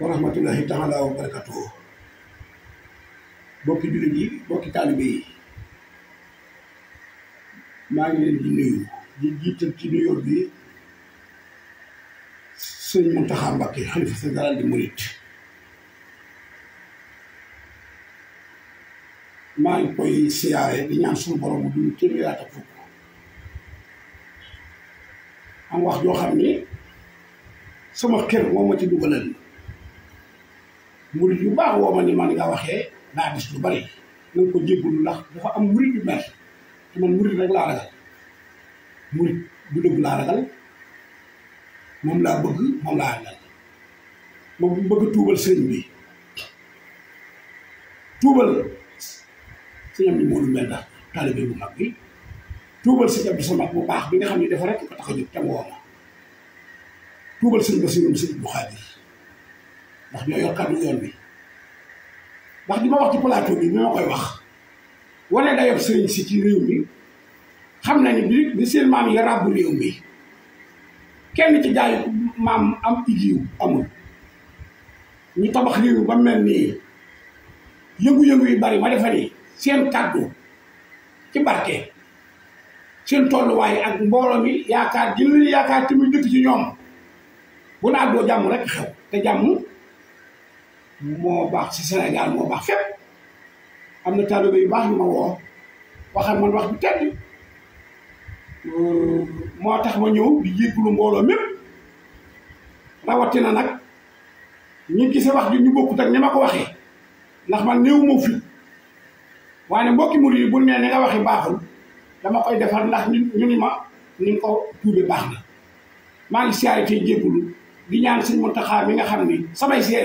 wa rahmatullahi taala wa bokki jullit yi bokki taalibe yi maa ngi leen di nuyu di jiital ci nuyoo bi sëñ Muntaxa Mbàkke xalifa général di murit maa ngi koy siyaare di ñaan suñu borom bu dund téeméeraat ak fukk am wax joo xam ni sama kër moom ma ci dugalal murit yu baax woo ma ni man nga waxee daa gis lu bari na nga ko jébbalu ndax dafa am murit yu mer te man murit rek laa ragal murit bu dëgg laa ragal moom laa bëgg moom laa ragal moom bëgg tuubal sëriñ bi tuubal sëriñ bi moo lu mel ndax taalibe bu mag bi sa mag bu baax bi nga xam ni dafa rek ko tax a jóg te tuubal sëriñ ba sëriñ bu xaadir ndax ñoo yor kàddu yoon bi ndax li ma wax ci plateau bi ñoo koy wax wane dayob sëriñ si ci réew mi xam na ni bi bi seen maam yi ràbbu réew mi kenn ci jaay maam am igiw amul ñu tabax réew ba mel nii yëngu-yëngu yu bari ma defe seen kàddu ci barke seen tolluwaay ak mbooloo mi yaakaar jël yaakaar te muy dëkk ci ñoom bu naat doo jàmm rek xew te jàmm moo baax ci Sénégal moo baax fépp am na taalibe yu baax yu ma woo waxal man wax bu tedd moo tax ma ñëw di jéggulu mbooloo mépp rawatina nag ñu gise wax ju ñu bokkut ak ni ma ko waxee ndax man néew moo fi waaye mbokki murid yi bu nee ni nga waxee baaxul dama koy defar ndax ñu ni ma ñu ko tuube baax na maa ngi siyaare tey jéggulu di ñaan sëñ Muntaxa mi nga xam ni samay seere